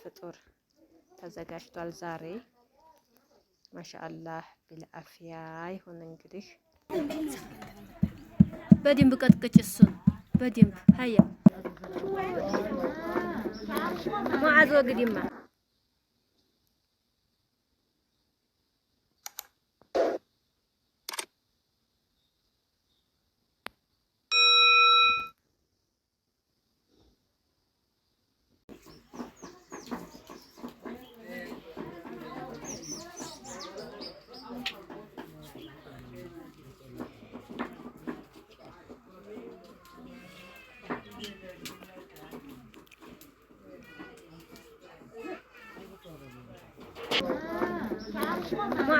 ፍጡር ተዘጋጅቷል ዛሬ። ማሻአላህ ቢልአፍያ ይሁን እንግዲህ በደንብ ቀጥቅጭ እሱን በደንብ ሀያ ሙዓዝ ወግዲማ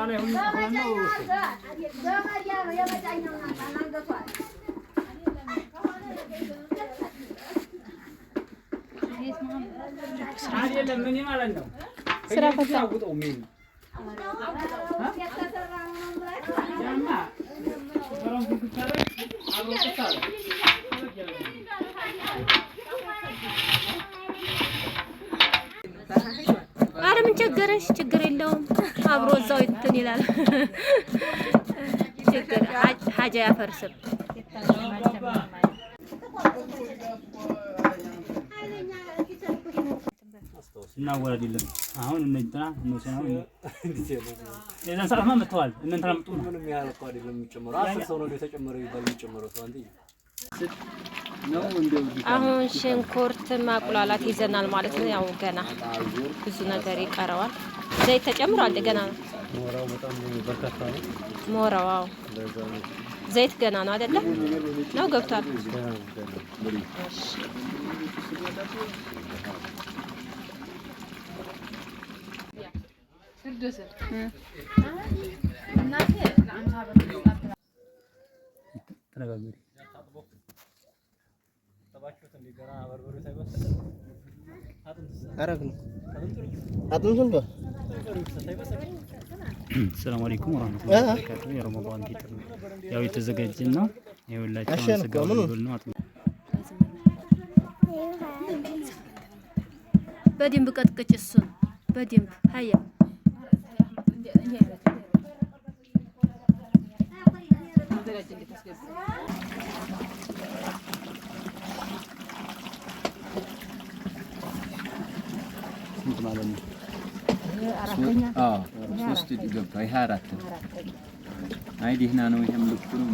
અને Serapa. ምን ቸገረሽ? ችግር የለውም አብሮ እዛው እንትን ይላል። ችግር ሀጃ ያፈርስም እናወራድ የለም አሁን እነ እንትና የዛን ሰዓትማ መጥተዋል። እነ እንትና ምንም ያህል እኮ አይደለም የሚጨምረው አስር ሰው ነው የተጨመረው ይባል የሚጨምረው ሰው አንተ አሁን ሽንኩርት ማቁላላት ይዘናል ማለት ነው። ያው ገና ብዙ ነገር ይቀረዋል። ዘይት ተጨምሯል ገና ነው ሞራው። ዘይት ገና ነው አይደለ? ነው ገብቷል። እሺ ሰላም አለይኩም ወራህመቱላሂ ወበረካቱ። የረመዳን ፊጥር ያው የተዘጋጀና የወላችሁ ስጋ ነው። በደንብ ቀጥቅጭ እሱን በደንብ ሀያ ሶስት እጁ ገብቷል። ይሄ አራት ነው። አይ ደህና ነው። ይሄም ልኩ ነው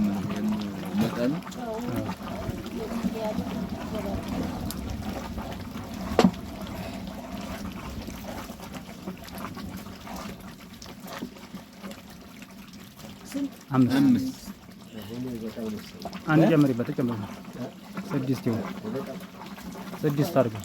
መጠኑ አምስት አንድ ጨምሪበት ጨምሪ ስድስት ይሁን ስድስት አድርገው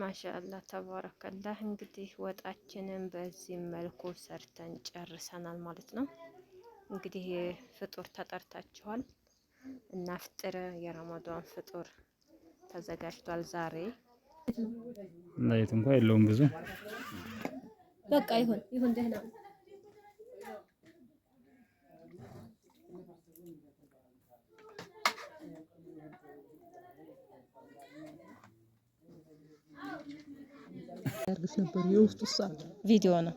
ማሻአላህ ተባረከላህ። እንግዲህ ወጣችንን በዚህ መልኩ ሰርተን ጨርሰናል ማለት ነው። እንግዲህ ፍጡር ተጠርታችኋል እና ፍጥር የረመዷን ፍጡር ተዘጋጅቷል። ዛሬ ላይት እንኳን የለውም ብዙ በቃ ይሁን ይሁን ደህና ያርግሽ ነበር። የውስጡ ሰዓት ቪዲዮ ነው።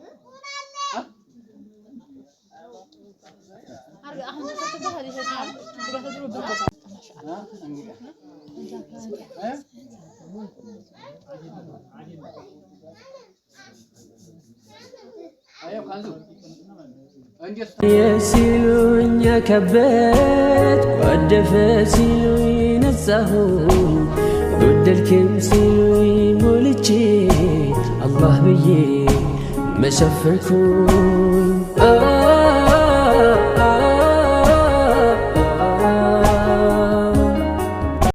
ሲሉኝ ከበት ወደፈ ሲሉኝ ነጻሁ ወደልክም ሲሉኝ ሞልቼ አላህ ብዬ መሸፈንኩኝ